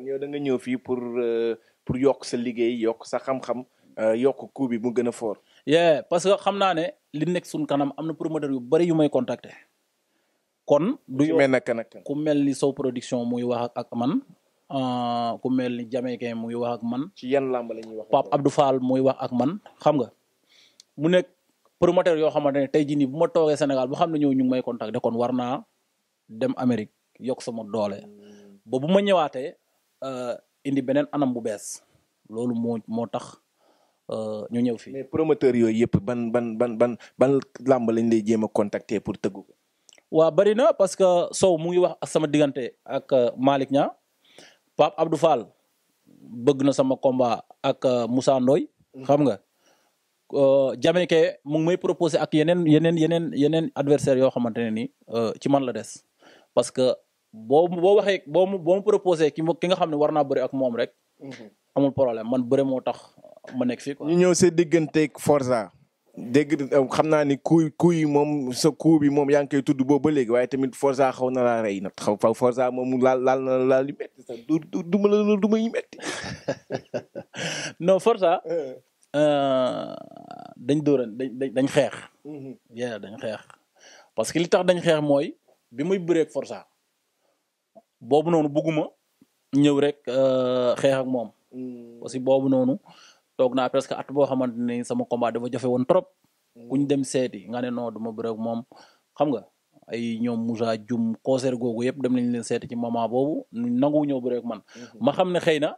kon yow da nga ñëw fii pour euh, pour yokk sa liggéey yokk sa xam-xam euh, yokk coup bi mu gën a fort. yeah parce que xam naa ne li nekk suñ kanam am na promoteur yu bëri yu may contacter. kon du ñu mel ku mel ni Sow production muy wax ak man euh, ku mel ni Jamaïcain muy wax ak man. ci yan làmb la wax Pape Abdou faal muy wax ak man xam nga mu nekk promoteur yoo xamante ne tey jii nii bu ma toogee Sénégal boo xam ne ñoo ñu ngi may contacter kon war naa dem Amérique yokk sama doole hmm. ba bu ma ñëwaatee Euh, indi beneen anam bu bees loolu moo moo tax euh, ñu ñëw fii. mais promoteur yooyu yëpp ban ban ban ban ban làmb lañ lay jéem a contacter pour tegu ko. waa bëri na parce que Sow mu ngi wax sama diggante ak euh, Malick Niang Pape Abdou Fall bëgg na sama combat ak Moussa Ndoye mm-hmm. xam nga Jamaïque mu ngi may proposé ak yeneen yeneen yeneen yeneen adversaire yoo xamante ne ni ci man la des parce que boo boo waxee boo mu boo mu proposé ki ki nga xam ne war naa bëri ak moom rek. Mhm. amul problème man bëri moo tax ma nekk fii quoi. ñu ñëw sa digganteeg Forza. dégg xam na ni kuy ku yi moom sa ku bi moom yaa ngi koy tudd boobu ba léegi waaye tamit Forza xaw na laa rey nag xaw fa Forza moom laal laal na laal yu du du ma du ma yu métti. non euh, dañ dóoran dañ xeex. Mhm. yaa dañ xeex parce que li tax dañ xeex mooy bi muy bëreeg Forza. boobu noonu bugguma ñëw rek euh, xeex ak moom. Mm. aussi boobu noonu toog naa presque at boo xamante ni sama combat dafa jafe woon trop. Mm. ku dem seeti nga ne non duma bëre ak moom xam nga ay ñoom Moussa Dioum concert googu yëpp dem nañ leen seeti ci moment boobu nangu ñëw bëre ak man. Mm-hmm. ma xam ne xëy na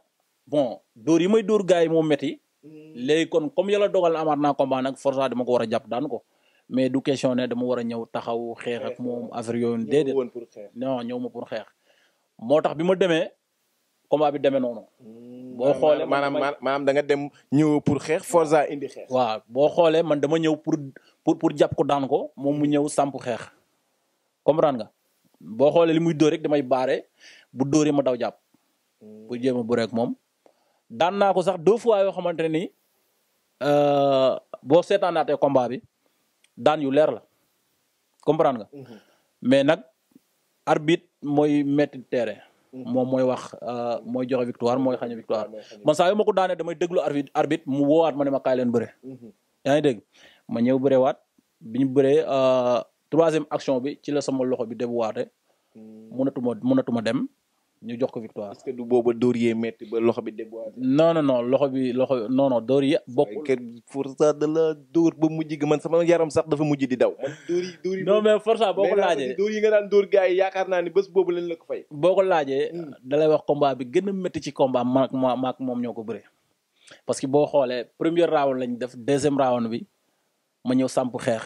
bon door yi may door gars yi moo métti. Mm. léegi kon comme yàlla dogal na amaat naa combat nag force dama ko war a jàpp daan ko. mais du question ne dama war a ñëw taxaw xeex ak moom affaire yooyu déedéet non ñëw ma pour xeex. moo tax bi ma demee combat bi demee noonu. Hmm, boo xoolee maanaam maanaam da nga dem ñëw pour xeex Forza indi xeex. waaw boo xoolee man dama ñëw pour pour pour jàpp ko daan ko moom mu ñëw samp xeex comprendre nga boo xoolee li muy dóor rek damay baare bu dóoree ma daw jàpp. bu hmm. jéem a bu rek moom daan naa ko sax deux fois yoo xamante ni euh, boo seetaanaatee combat bi daan yu leer la comprendre nga. Hmm. mais nag arbitre mooy metti terrain. Mm. moom mooy wax euh, mooy joxe victoire mooy xañe victoire man saa yu ma ko daanee damay déglu arbitre mu woowaat ma ne ma kaay leen bëre. Mm-hmm. yaa ngi dégg ma ñëw bërewaat bi ñu bëree euh, troisième action bi ci la sama loxo bi débuwaate. Mm. mënatuma mënatuma dem. ñu jox ko victoire. est-ce que du booba dóor yee métti ba loxo bi déboîté. non non non loxo bi loxo non non dóor yi bokkul. kër Forza da la dóor ba mujj gi man sama yaram sax dafa mujj di daw. man dóor yi mais Forza boo ko laajee dóor yi dóor gars yi yaakaar naa ni bés boobu lañ la ko fay. boo ko laajee. Hmm. da wax combat bi gën a métti ci combat ma ak ma ak moom ñoo ko bëree. parce que boo xoolee premier round lañ def deuxième round bi ma ñëw samp xeex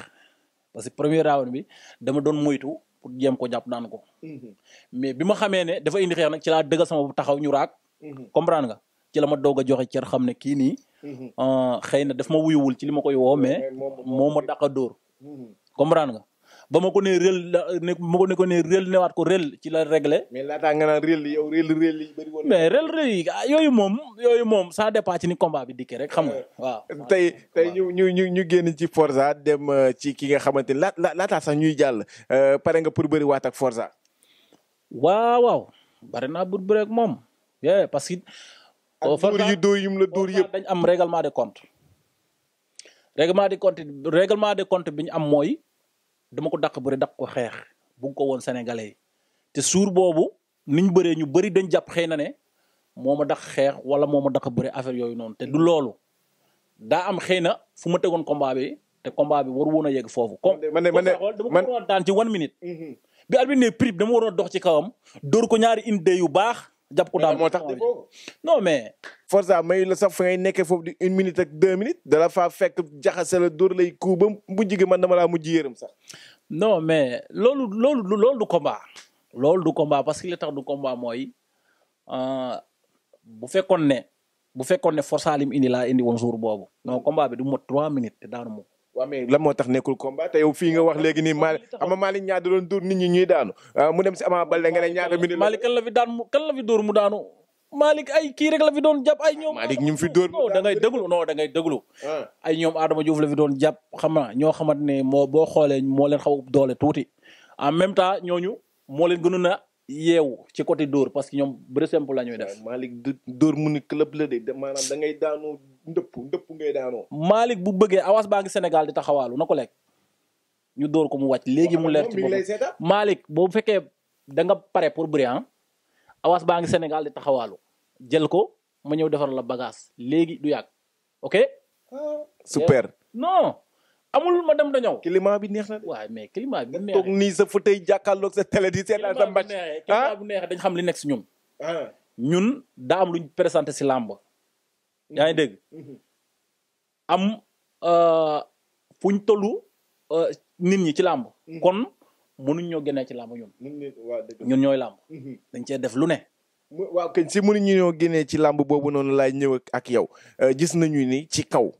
parce que premier round bi dama doon moytu. pour jéem ko jàpp daan ko. Mhm. mais bi ma xamee ne dafa indi xeex nag ci laa sama bu taxaw ñu raak. Mhm. comprendre nga ci la ma a joxe cer xam ne kii nii. Mhm. Euh, xëy na daf ma wuyuwul ci li ma koy woo mais. moo ma dàq a dóor ba ma ko nee réel ne ma ko ne ko ci la réglé. mais laataa nga naan réel mais réel ah, yooyu moom yooyu moom ça dépend ci ni combat bi dikkee rek xam nga euh, waaw. tey tey ñu ñu génn ci Forza dem euh, ci ki nga xamante ni la la laataa sax ñuy jàll euh, pare nga pour bëri waat ak Forza. waaw waaw bari naa moom parce que. ak dóor yu la dóor yëpp dañ am règlement de compte. règlement de compte règlement bi ñu am mooy. dama ko dàq bëri dàq ko xeex bug ko woon sénégalais te suur boobu niñ bëree ñu bëri dañ jàpp xëy na ne moo ma dàq xeex wala moom a dàq bëri affaire yooyu noonu te du loolu daa am xëy na fu ma tegoon combat bi te combat bi war woon a yegg foofu. man de man de dama ko daan ci one minute. Mhm. bi arbitre ne prix dama waroon a dox ci kawam dóor ko ñaari indee yu baax. jàpp daal moo tax defoo non mais. Forza may la sax fa ngay nekkee foofu di une minute ak deux minutes dala faa fekk jaxase la dóor lay ku ba mujj gi man dama laa mujj yërëm sax. non mais loolu loolu loolu du combat. loolu du combat parce que li tax du combat mooy euh, bu fekkoon ne bu fekkoon ne Forza lim indi laa indi woon jour boobu non combat bi du mot trois minutes te daanu waa mais lan moo tax nekkul combat te yow fii nga wax léegi nii Mali ama Mali ñaar da doon dóor nit ñi ñuy daanu ah, mu dem si Ama Baldé nga ne ñaata minute. kan la fi daan kan la fi dóor mu daanu. Malick ay kii rek la doon jàpp ay ñoom. Malick ñu fi dóor non da ngay déglu ah. ay ñoom Adama Diouf la doon jàpp xam naa ñoo xamante ne moo boo xoolee moo leen xaw doole tuuti en même temps ñooñu moo a yeewu ci côté door parce que ñoom bëri simple la ñuy def. Malick dóor mu ni club la de maanaam da ngay daanoo ndëpp ndëpp ngay daanoo. Malick bu bëggee awas baa ngi Sénégal di taxawaalu na ko lekk ñu dóor ko mu wàcc léegi mu leer ci boppam Malick boo fekkee danga pare pour bëri ah awas baa ngi Sénégal di taxawaalu jël ko ma ñëw defar la bagage léegi du yàgg ok. Ah. super non. amul ma dem da ñëw. climat bi neex na de. waaw mais climat bi bu neexee toog nii sa fauteuil jàkkaarloog sa télé di bu neexee ah? dañ xam li nekk si ñun. Ah. ñun daa am luñ présenté si làmb. yaa ngi dégg. Mhm. am euh, fuñ tollu euh, nit ñi ci làmb. Mhm. kon mënuñ ñoo génnee ci làmb ñun. ñun ñooy làmb. Mhm. dañ cee def lu ne. waaw kañ si mënuñu ñoo génnee ci làmb boobu noonu laay ñëw ak yow euh, gis nañu ni ci kaw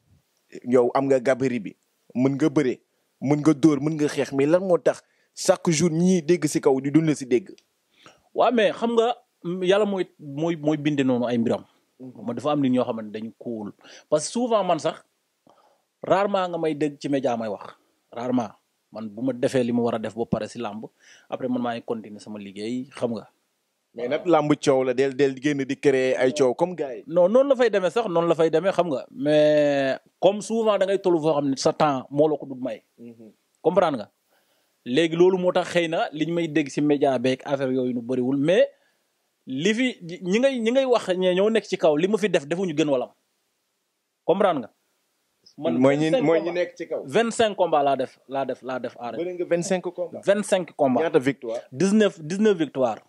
yow am nga gabarit bi. mën nga bëre mën nga dóor mën nga xeex mii lan moo tax chaque jour ñi dégg si kaw di du la si dégg. waaw mais xam nga yàlla mooy mooy mooy binde noonu ay mbiram. ma dafa am nit ñoo xamante dañu kóol parce que souvent man sax rarement nga may dégg ci média may wax rarement man bu ma defee li ma war a def ba pare si làmb après man maa ngi continuer sama liggéey xam nga. mais nag lamb coow la del del génn di créer ay coow comme gars yi. non noonu la fay demee sax noonu la fay demee xam nga mais comme souvent da ngay toll foo xam ne sa temps moo la ko dut may. Mhm. comprendre nga léegi loolu moo tax xëy na liñ may dégg si média beeg affaire yooyu nu bëriwul mais li fi ñi ngay ñi ngay wax ñee ñoo nekk ci kaw li ma fi def defuñu gën walam comprendre nga. man mooy ñi mooy ñi nekk ci kaw. 25 combats laa def laa def laa def. bëri nga 25 combats 25 combats. ñaata victoire 19 19 victoire.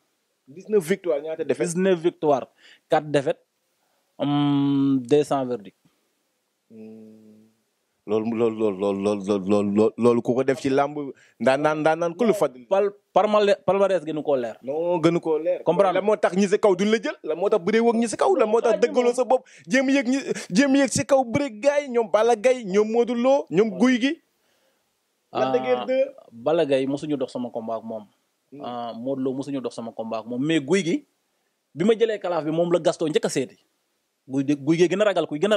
19 victoires ñaata défaite 19 victoires 4 défaites am 200 verdicts. Hmm. loolu lool loolu lool loolu loolu ku ko def ci làmb daan naan daan naan ku lu fadil. par palmarès gënu koo leer. non gënu koo leer. comprendre moo tax ñi si kaw duñ la jël la moo tax bëree woog ñi si kaw la moo tax dëggaloo sa bopp jéem yëg ñi jéem si kaw bëri gaay yi ñoom Balla Gaye ñoom Modou Lo ñoom Guy gi. ah Balla mosuñu dox sama combat ak moom. Euh, Modou Lo mosuñu dox sama combat ak moom mais guy gi bi ma jëlee kalaaf bi moom la Gaston njëkka a seeti guy guy gee gën gën a ragal ku gën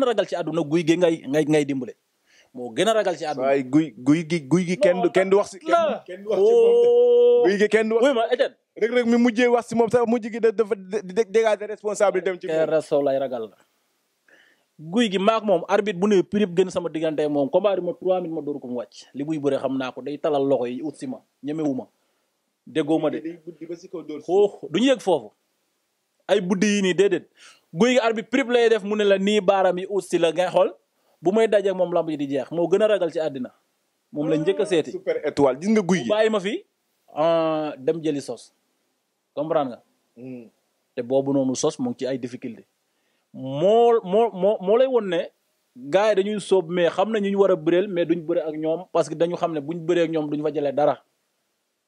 a ragal ci àdduna guy gee ngay ngay ngay dimbale moo gën a ragal ci waaye guy guy gi guy gi kenn du kenn du wax si. kenn du wax ci moom oh. guy gi wax. oui ma Etienne. rek mi mujjee wax si moom sax mujj gi dafa dégager responsabilité dem ci. tey resto lay ragal la. gi maak moom arbitre bu ne prix gën sama diggante moom combat bi ma trois minutes ma dóor ko mu wàcc li muy bëre xam naa ko day talal loxo yi ut si ma ñemewu ma. déggoo ma de xuux du ñu yëg foofu ay buddi yi nii déedéet guy gi arbitre prip lay def mu ne la nii baaram yi aussi la ngay xool bu may dajeeg moom lamb ji di jeex moo gën a ragal ci àddina moom la njëkk a ah, seeti. super étoile gis nga guy gi bàyyi ma fi ah, dem jëli sos comprendre nga. Hmm. te boobu noonu sos mu ci ay difficulté moo moo moo moo lay won ne gars yi dañuy soob mais xam na ñu war a bëreel mais duñ bëre ak ñoom parce que dañu xam ne buñ bëree ak ñoom duñ fa jalee dara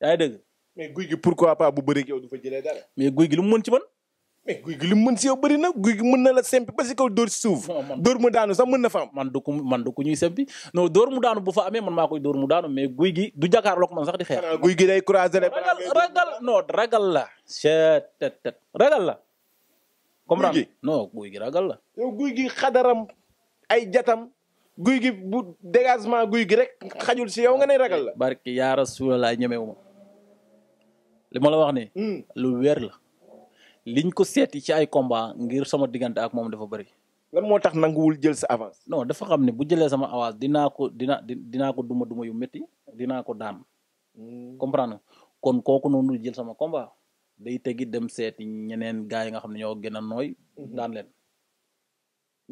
yaa ngi dëgg. mais guy gi pourquoi pas bu bëri yow du fa jëlee mais guy gi lu mu mën ci man. mais guy gi lu mu mën si yow bëri na guy gi mën na la sempi ba si kaw dóor si suuf. dóor mu daanu sax mën na fa am. man du ko man du ko ñuy sempi non dóor mu daanu bu fa amee man maa koy dóor mu daanu mais guy gi du jàkkaarloo ko man sax di xeex. guy gi day croiser les bras ragal non la. ragal la. comme ram non guy gi ragal la. guy gi xadaram ay jatam. guy gi bu dégagement guy gi rek xajul si yow nga ne ragal la. barki yaa rasulallah ñemewuma li ma hmm. lu weer la. liñ ko seeti ci ay combat ngir sama diggante ak moom dafa bëri. lan moo tax nanguwul jël sa avance. no dafa xam ne bu jëlee sama avance dinaa ko dina dinaa ko duma duma yu metti dinaa ko daan. Hmm. comprendre kon kooku noonu jël sama combat day tegi dem seeti ñeneen gars yi nga xam ne ñoo gën a nooy. Hmm. daan leen.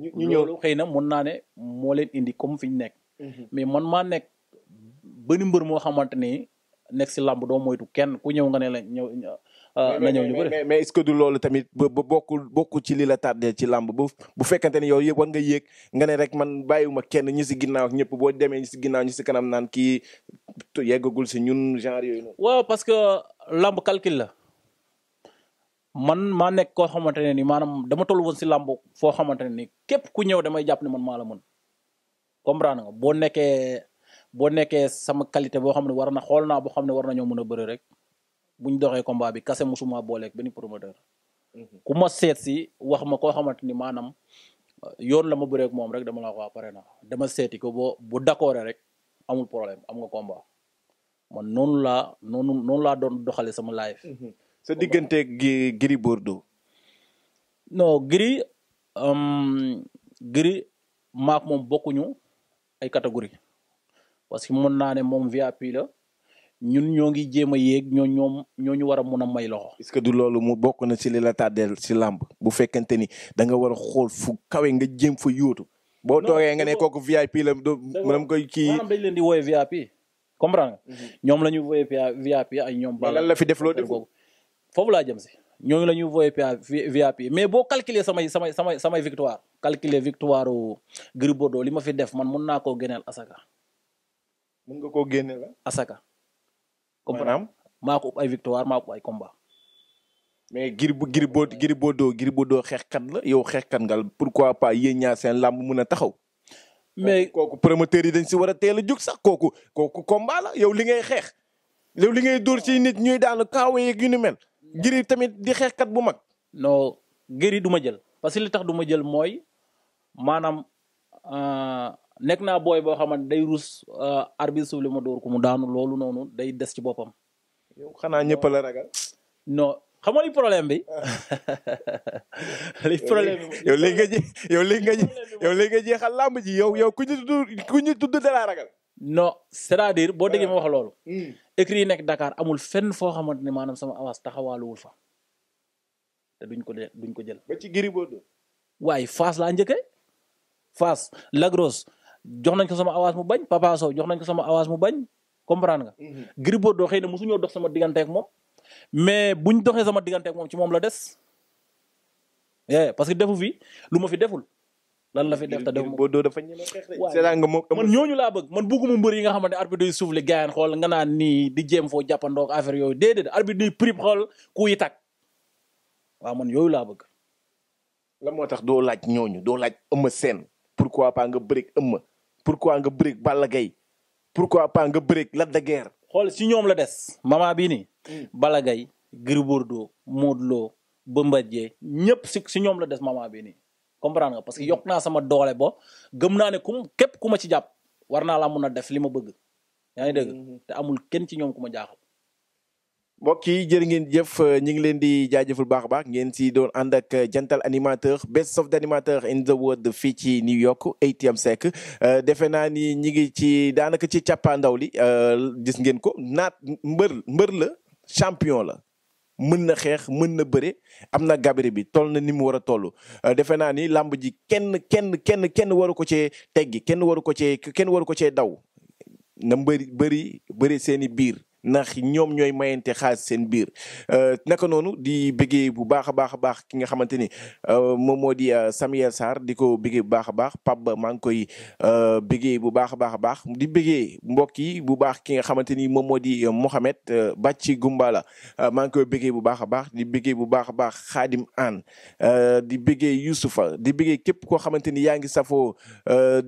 ñu ñëw loolu xëy na mën naa ne moo leen indi comme fi nekk. mais man maa nekk benn mbër moo xamante nekk si làmb doo moytu kenn ku ñëw nga ne la ñëw ah, na ñëw ñu mais mais du loolu tamit ba bokkul bokkul ci li la tardé ci làmb bu bu fekkante ni yow yëpp war nga yéeg nga ne rek man bàyyiwuma kenn ñi si ginnaaw ñëpp boo demee ñi si ginnaaw ñi si kanam naan kii yeggagul si ñun genre yooyu noonu. waaw parce que lamb calcul la man maa nekk koo xamante ne ni maanaam dama toll woon si lamb foo xamante ne ni képp ku ñëw damay jàpp ne man maa la mën comprendre boo nekkee boo nekkee sama qualité boo xam ne war na xool naa boo xam ne war nañoo mën a bëri rek buñ doxee combat bi kase musuma booleeg benn promoteur. Mhm. ku ma seet si wax ma koo xamante ni maanaam euh, yoon la ma bëree moom rek dama la wax pare na dama seeti ko boo bu d'accord rek amul problème am nga komba man noonu laa noonu noonu laa doon doxale sama life. Mhm. sa diggante gi Gris Bordeaux. no Gris euh, Gris maak moom bokkuñu ay catégorie parce que mën naa ne moom VIP la ñun ñoo ngi jéem a yéeg ñoo ñoom ñoo ñu war a mun a may loxo. est-ce que du loolu mu bokk na si li la tàddeel ci làmb bu fekkente ni da nga war a xool fu kawe nga jéem fu yóotu. boo toogee nga ne kooku VIP la do maanaam koy kii maanaam dañ leen di woowee VIP comprendre nga. Mhm. ñoom la ñuy woowee VIP ay ñoom. ba la fi def loo def foofu laa jëm si. ñooñu la ñuy voyé VIP mais boo calculer samay samay samay samay victoire calculer victoire Gris Bordeaux li ma fi def man mun naa koo génneel asaka mën nga ko génne la. asaka. comprendre maa ko ay victoire maa ko ay combat. mais Gris Gris Gris Bordeaux Gris Bordeaux xeexkat la yow xeexkat nga pourquoi pas yéen ñaar seen làmb mun a taxaw. mais kooku promoteur yi dañ si war a teel a jóg sax kooku kooku combat la yow li ngay xeex. yow li ngay dóor si nit ñuy daanu kaaw yeeg yu ni mel. Gris tamit di xeexkat bu mag. non Gris du ma jël parce que li tax du ma jël mooy maanaam. Euh, nekk naa booy boo xamante day ruus euh, arbitre suuf li ma dóor ko mu daanu loolu noonu day des ci boppam. yow xanaa ñëpp la ragal. no xam nga li problème bi. li problème bi nga ji jeexal làmb ji yow yow ku ñu tudd ku ñu tudd da laa ragal. non c'est-à-dire boo déggee ma wax loolu. Euh, hmm. écrit yi nekk Dakar amul fenn foo xamante ne maanaam sama avance taxawaaluwul fa. te duñ ko duñ ko jël. ci Gris waaye Fass laa njëkkee Fass Lagros jox nañ ko sama avance mu bañ Papa Sow jox nañ ko sama avance mu bañ comprendre nga. Mhm. Gris Bordeaux xëy na mosuñoo dox sama diggante moom mais buñ doxee sama diggante moom ci moom la des. eh parce que defu fi lu ma fi deful. lan na fi def te defuma Bordeaux dafa ñeme xeex de. man ñooñu laa bëgg man bëgguma mbër yi nga xamante ne arbitre day suuf li gaayan xool nga naan ni di jéem foo jàppandoo ak affaire yooyu déedéet arbitre day prip xool ku yi tag waaw man yooyu laa bëgg. la moo tax doo laaj ñooñu doo laaj ëmm seen pourquoi pas nga bëri ëmm pourquoi nga bëreeg Balla Gaye pourquoi pas nga bëreeg Lac de Guiers. xool si ñoom la des mama bii nii. Hmm. Balla Gaye Gris Bordeaux Modou Lo Bombardier ñëpp si si ñoom la des mama bii nii comprendre nga parce que yokk naa sama doole ba gëm naa ne kum képp ku ma ci jàpp war naa laa mun a def li ma bëgg yaa ngi dégg hmm. te amul kenn ci ñoom ku ma jaaxal. mbokk yi jërë ngeen jëf euh, ñu ngi leen di jaajëful baax a baax ngeen si doon ànd ak euh, jantal animateur best of animateur in the world fii ci New York ATM Seck euh, defe naa ni ñi ngi ci daanaka ci càppaandaw li gis ngeen ko naat mbër la champion la mën na xeex mën na bëre am na gabari bi toll na ni mu war a toll defe naa ni làmb ji kenn kenn kenn kenn waru ko cee teggi kenn waru ko cee kenn waru ko cee daw na mbëri bëri bëri seeni biir ndax ñoom ñooy mayante xaalis seen biir euh, naka noonu di bëggee bu baax a baax a baax ki nga xamante ni euh, moom moo di euh, Samuel Sarr di ko bëggee bu baax a baax Pape Ba maa ngi koy bëggee bu baax a baax a baax di bëggee mbokk yi bu baax ki nga xamante ni moom moo di Mohamed Bàcci Gumbala maa ngi koy bëggee bu baax a baax di bëggee bu baax a baax Xaadim An di bëggee Youssoufa di bëggee képp koo xamante ni yaa ngi safoo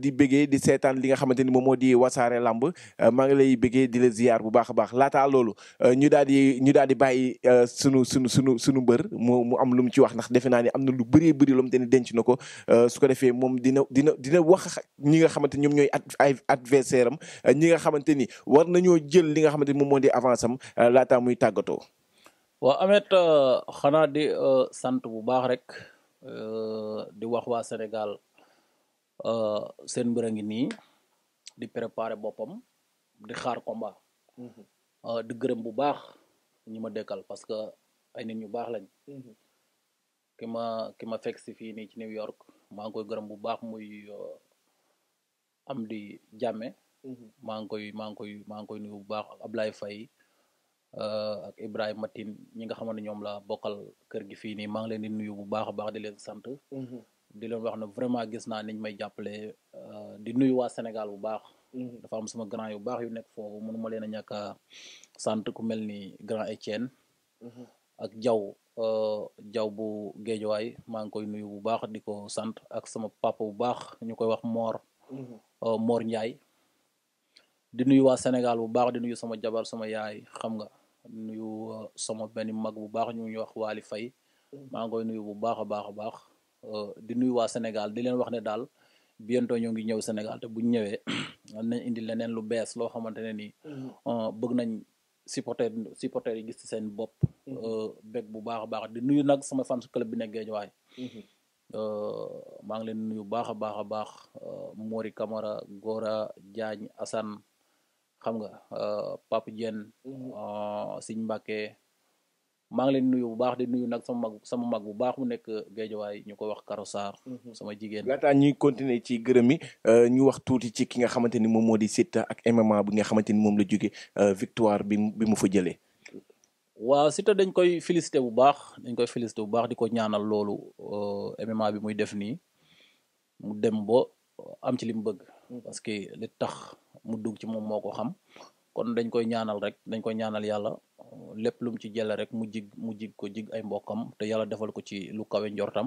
di bëggee di seetaan li nga xamante ni moom moo di wasaare lamb maa ngi lay bëggee di la ziyaar bu baax a baax laataa loolu euh, ñu daal di ñu di bàyyi euh, sunu sunu sunu sunu mbër mu mu am lu mu ci wax ndax defe naa ni am na lu bëree bëri loom mu te ne denc na ko euh, su ko defee moom dina dina dina wax ñi nga xamante ñoom ñooy ay adversaire am ñi nga xamante ni war nañoo jël li nga xamante ni moom moo di avance am muy tàggatoo. waaw Ameth xanaa di sant bu baax rek di wax waa Sénégal seen mbir a ngi nii di préparer boppam di xaar combat. Mhm. Euh, di gërëm bu baax ñi ma dëkkal parce que ay nit ñu baax lañ mhm. ki ma ki ma fekk si fii nii ci New York maa ngi koy gërëm bu baax muy euh, am di jàmme mhm. maa ngi koy maa nuyu bu baax Ablaye fay euh, ak Ibrahima Tine ñi nga xamante ne ñoom la bokkal kër gi fii nii maa ngi leen di nuyu bu baax a baax di leen sant mhm. di leen wax ne vraiment gis naa niñ may jàppale di nuyu waa Sénégal bu baax dafa am sama grand yu baax yu nekk foofu mënu ma leen a sant ku mel ni grand Etienne. Mhm. ak jaw jaw euh, bu géejuwaay maa ngi koy nuyu bu baax di ko sant ak sama papa bu baax ñu koy wax Mor. Mhm. Euh, Mor Ndiaye. di nuyu waa Sénégal bu baax di nuyu sama jabar sama yaay xam nga nuyu euh, sama benn mag bu baax ñu ñuy wax waali Faye mhm. maa ngi koy nuyu bu baax a baax a baax di nuyu waa Sénégal di leen wax ne daal. bientôt ñoo ngi ñëw Sénégal te buñ ñëwee nañ indi leneen lu bees loo xamante ne nii mm. euh, bëgg nañ supporter supporter yi gis seen bopp mm. euh, bég bu baax a baax di nuyu nag sama fans club bi nekk Guédiawaye mm-hmm. euh, maa ngi leen nuyu baax a baax a baax Mori Camara Gora jaañ Assane xam nga Pape Diène mm-hmm. Signe Mbacké maa ngi leen nuyu bu baax di nuyu nag sama mag sama mag bu baax mu nekk géejawaay ñu ko wax Karo Sarr mhm. sama jigéen laataa ñuy continuer ci gërëm yi euh, ñu wax tuuti ci ki nga xamante ni moom moo di Siteu ak MMA bi nga xamante ni moom la jóge euh, victoire bi bi mu fa jëlee waaw Siteu dañ koy félicité bu baax dañ koy félicité bu baax di ko ñaanal loolu euh, MMA bi muy def nii mu dem bo am ci li mu bëgg mhm. parce que li tax mu dugg ci moom moo ko xam kon dañ koy ñaanal rek dañ koy ñaanal yàlla lépp lu mu ci jëlee rek mu jig mu jig ko jig ay mbokkam te yàlla defal ko ci lu kawe njortam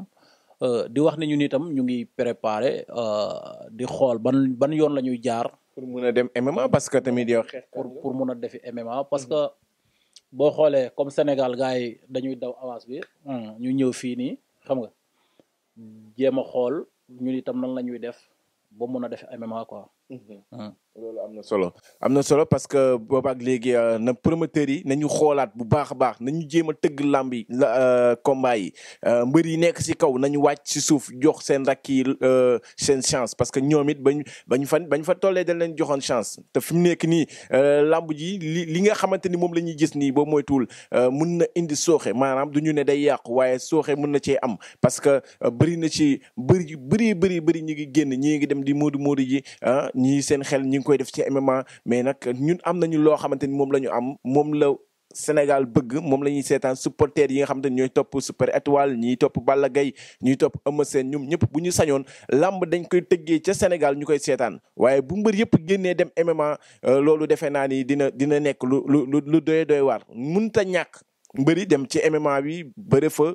euh, di wax ne ñun itam ñu ngi préparé euh, di xool ban ban yoon la ñuy jaar. pour mun a dem MMA parce que tamit yow xeex pour pour mun a defi MMA parce mm-hmm. que boo xoolee comme Sénégal gars yi dañuy daw avance bi hmm, ñu ñëw fii nii xam nga jéem a xool ñun itam nan la ñuy def ba mun a defi MMA quoi. Mm-hmm. Hmm. loolu am na solo am na solo parce que boobaak léegi euh, na promoteurs yi nañu xoolaat bu baax a baax nañu jéem a tëgg làmb yi la euh, combat yi euh, mbër yi nekk ci kaw nañu wàcc ci suuf jox seen rakk yi seen chance parce que ñoom it bañ bañ fa bañ fa tollee dañ leen joxoon chance te fi mu nekk nii làmb ji li li nga xamante ni moom la ñuy gis nii boobu mooy mun na indi sooxe maanaam du ñu ne day yàqu waaye sooxe mun na cee am parce que bëri na ci bëri bëri bëri bëri ñi ngi génn ñii ngi dem di moodu moodu ji ah ñii seen xel ñi koy def ci MMA mais nag ñun am nañu loo xamante ni moom la ñu am moom la Sénégal bëgg moom la ñuy seetaan supporters yi nga xamante ni ñooy topp Super Étoile ñiy topp Balla gay ñuy topp Eumeu Sène ñoom ñëpp bu ñu sañoon làmb dañ koy tëggee ca Sénégal ñu koy seetaan waaye bu mbër yëpp génnee dem MMA euh, loolu defee naa ni dina dina nekk lu lu lu doy doy waar mënta ñàkk. mbëri dem ci MMA bi bëre fa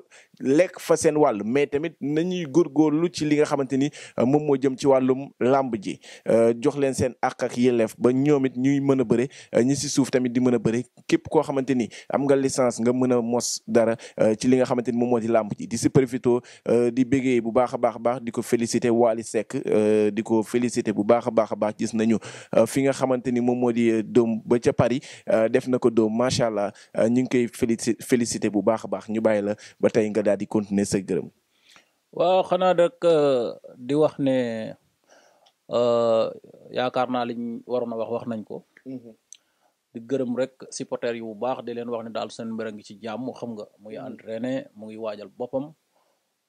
lekk fa seen wàll mais tamit nañuy góorgóorlu ci li nga xamante ni euh, moom moo jëm ci wàllum làmb ji euh, jox leen seen àq ak ba ñoom it ñuy mën a bëre euh, ñi si suuf tamit di mën a bëre képp koo xamante ni am nga licence nga mën a mos dara ci li nga xamante ni moom moo di làmb ji di si profito di bégee baax a baax a baax di ko féliciter Wally Seck di ko féliciter bu baax a baax a baax gis nañu fi nga xamante ni moom moo di doom ba ca Paris def na ko doom macha allah ñu ngi koy féliciter félicité bu baax a bax ñu bàyyi la ba tey nga daal di continuer sa gërëm. waaw xanaa rek euh, di wax ne euh, yaakaar naa liñ waroon a wax wax nañ ko. Mhm. di gërëm rek supporter yi bu baax di leen wax ne daal seen mbir a ngi ci jàmm xam nga muy mhm. entraîné mu ngi waajal boppam.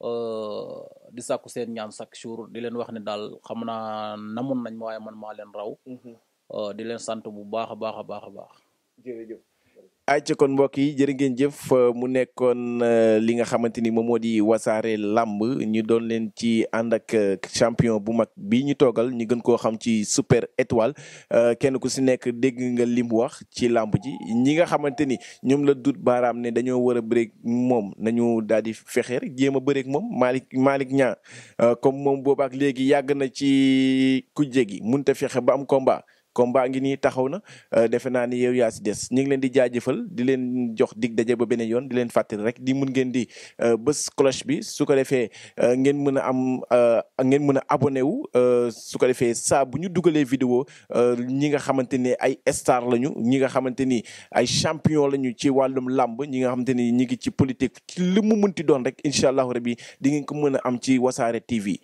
Uh, di sako seen ñaam chaque jour di leen wax ne daal xam naa namoon nañ waaye man maa leen raw. Mhm. Euh, di leen sant bu baax a baax a baax ayca kon mbokk yi jërë ngeen jëf mu nekkoon euh, li nga xamante ni moom moo di wasaare làmb ñu doon leen ci ànd ak euh, champion bu mag bi ñu toogal ñu gën koo xam ci super étoile euh, kenn ku si nekk dégg nga lim wax ci làmb ji ñi nga xamante ni ñoom la dut baaraam ne dañoo war a bëreeg moom nañu daal di fexe jéem a bëreeg moom Malick Malick Niang comme moom boobaak léegi yàgg na ci kujje gi mënut fexe ba am combat. comme combat ngi nii taxaw na euh, defe naa ni yow yaa si des ñu ngi leen di jaajëfal di leen jox dig daje ba beneen yoon di leen fàttali rek di mun ngeen di euh, bës cloche bi su ko defee euh, ngeen mën a am ngeen mën a abonné wu su ko defee saa bu ñu dugalee vidéo ñi nga xamante ni ay star lañu ñi nga xamante ni ay champion lañu ci wàllum làmb ñi nga xamante ni ñi ngi ci politique ci li mu mënti doon rek incha allahu rabbi di ngeen ko mën a am ci wasaare TV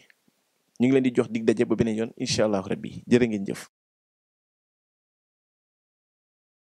ñu ngi di jox dig daje ba beneen yoon incha allahu rabbi jërë ngeen jëf